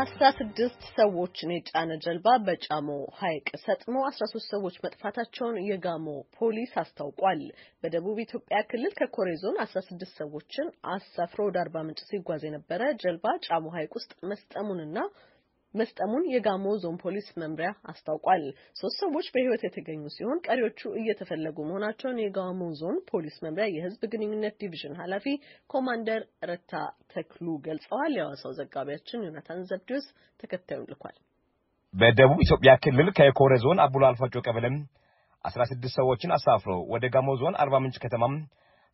አስራ ስድስት ሰዎችን የጫነ ጀልባ በጫሞ ሐይቅ ሰጥሞ አስራ ሶስት ሰዎች መጥፋታቸውን የጋሞ ፖሊስ አስታውቋል። በደቡብ ኢትዮጵያ ክልል ከኮሬ ዞን አስራ ስድስት ሰዎችን አሳፍሮ ወደ አርባ ምንጭ ሲጓዝ የነበረ ጀልባ ጫሞ ሐይቅ ውስጥ መስጠሙንና መስጠሙን የጋሞ ዞን ፖሊስ መምሪያ አስታውቋል። ሶስት ሰዎች በህይወት የተገኙ ሲሆን ቀሪዎቹ እየተፈለጉ መሆናቸውን የጋሞ ዞን ፖሊስ መምሪያ የህዝብ ግንኙነት ዲቪዥን ኃላፊ ኮማንደር ረታ ተክሉ ገልጸዋል። የሐዋሳው ዘጋቢያችን ዮናታን ዘብዲዮስ ተከታዩን ልኳል። በደቡብ ኢትዮጵያ ክልል ከኮረ ዞን አቡሎ አልፋጮ ቀበሌም አስራ ስድስት ሰዎችን አሳፍሮ ወደ ጋሞ ዞን አርባ ምንጭ ከተማም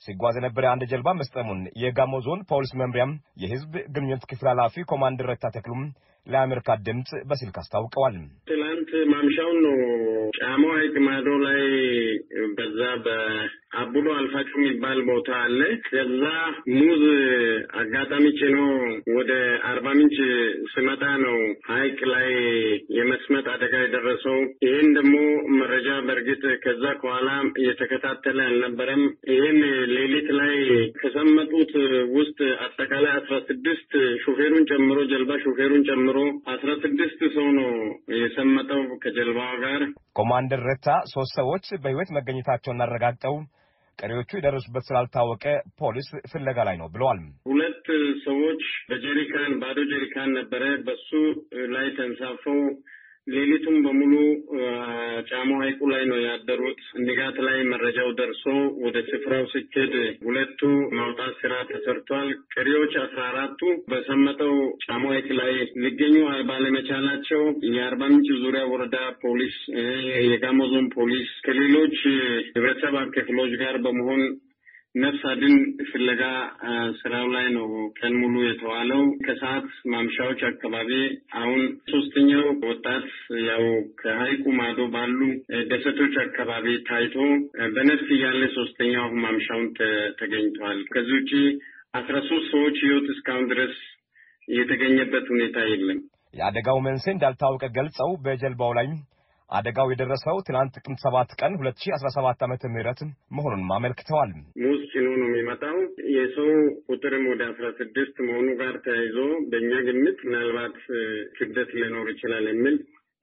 ሲጓዝ የነበረ አንድ ጀልባ መስጠሙን የጋሞ ዞን ፖሊስ መምሪያም የህዝብ ግንኙነት ክፍል ኃላፊ ኮማንደር ረታ ተክሉም ለአሜሪካ ድምፅ በስልክ አስታውቀዋል። ትላንት ማምሻውን ነው ጫማ ሀይቅ ማዶ ላይ በዛ ሸንፈቅ የሚባል ቦታ አለ። ከዛ ሙዝ አጋጣሚ ጭኖ ወደ አርባ ምንጭ ስመጣ ነው ሀይቅ ላይ የመስመጥ አደጋ የደረሰው። ይህን ደግሞ መረጃ በእርግጥ ከዛ ከኋላ የተከታተለ አልነበረም። ይህን ሌሊት ላይ ከሰመጡት ውስጥ አጠቃላይ አስራ ስድስት ሹፌሩን ጨምሮ ጀልባ ሹፌሩን ጨምሮ አስራ ስድስት ሰው ነው የሰመጠው ከጀልባዋ ጋር። ኮማንደር ረታ ሶስት ሰዎች በህይወት መገኘታቸውን አረጋግጠው ቀሪዎቹ የደረሱበት ስላልታወቀ ፖሊስ ፍለጋ ላይ ነው ብለዋል። ሁለት ሰዎች በጀሪካን ባዶ ጀሪካን ነበረ በሱ ላይ ተንሳፈው ሌሊቱም በሙሉ ጫሞ ሐይቁ ላይ ነው ያደሩት። ንጋት ላይ መረጃው ደርሶ ወደ ስፍራው ሲኬድ ሁለቱ ማውጣት ስራ ተሰርቷል። ቀሪዎች አስራ አራቱ በሰመጠው ጫሞ ሐይቅ ላይ ሊገኙ ባለመቻላቸው የአርባ ምንጭ ዙሪያ ወረዳ ፖሊስ፣ የጋሞ ዞን ፖሊስ ከሌሎች ህብረተሰብ አብ ጋር በመሆን ነፍስ አድን ፍለጋ ስራው ላይ ነው ቀን ሙሉ የተዋለው። ከሰዓት ማምሻዎች አካባቢ አሁን ሶስተኛው ወጣት ያው ከሀይቁ ማዶ ባሉ ደሰቶች አካባቢ ታይቶ በነፍስ እያለ ሶስተኛው ማምሻውን ተገኝተዋል። ከዚህ ውጭ አስራ ሶስት ሰዎች ህይወት እስካሁን ድረስ የተገኘበት ሁኔታ የለም። የአደጋው መንስኤ እንዳልታወቀ ገልጸው በጀልባው ላይ አደጋው የደረሰው ትናንት ጥቅምት ሰባት ቀን ሁለት ሺ አስራ ሰባት ዓመተ ምህረት መሆኑንም አመልክተዋል። ሙዝ ጭኖ ነው የሚመጣው። የሰው ቁጥርም ወደ አስራ ስድስት መሆኑ ጋር ተያይዞ በእኛ ግምት ምናልባት ክብደት ሊኖር ይችላል የሚል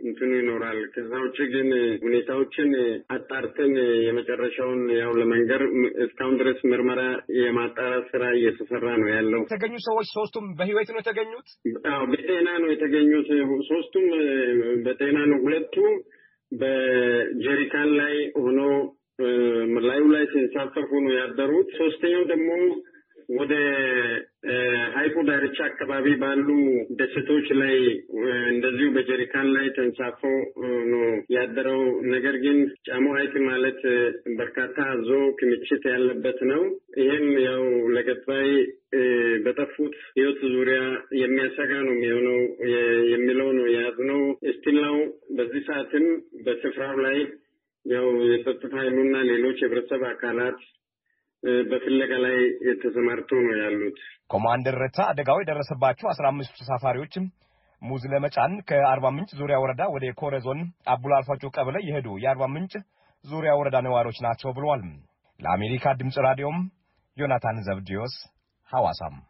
እንትኑ ይኖራል። ከዛ ውጭ ግን ሁኔታዎችን አጣርተን የመጨረሻውን ያው ለመንገር እስካሁን ድረስ ምርመራ የማጣራት ስራ እየተሰራ ነው ያለው። የተገኙ ሰዎች ሶስቱም በህይወት ነው የተገኙት። አዎ በጤና ነው የተገኙት። ሶስቱም በጤና ነው። ሁለቱ በጀሪካን ላይ ሆኖ ላዩ ላይ ሲንሳፈፉ ሆኖ ያደሩት። ሶስተኛው ደግሞ ወደ ሀይቁ ዳርቻ አካባቢ ባሉ ደሴቶች ላይ እንደዚሁ በጀሪካን ላይ ተንሳፎ ነው ያደረው። ነገር ግን ጫሞ ሀይቅ ማለት በርካታ አዞ ክምችት ያለበት ነው። ይህም ያው ለቀጣይ በጠፉት ህይወት ዙሪያ የሚያሰጋ ነው የሚሆነው የሚለው ነው የያዝነው። እስቲላው በዚህ ሰዓትም በስፍራው ላይ ያው የጸጥታ ኃይሉና ሌሎች የህብረተሰብ አካላት በፍለጋ ላይ የተሰማርቶ ነው ያሉት። ኮማንደር ረታ አደጋው የደረሰባቸው አስራ አምስቱ ተሳፋሪዎችም ሙዝ ለመጫን ከአርባ ምንጭ ዙሪያ ወረዳ ወደ ኮረ ዞን አቡላ አልፋጮ ቀበሌ የሄዱ የአርባ ምንጭ ዙሪያ ወረዳ ነዋሪዎች ናቸው ብለዋል። ለአሜሪካ ድምፅ ራዲዮም ዮናታን ዘብዲዮስ ሐዋሳም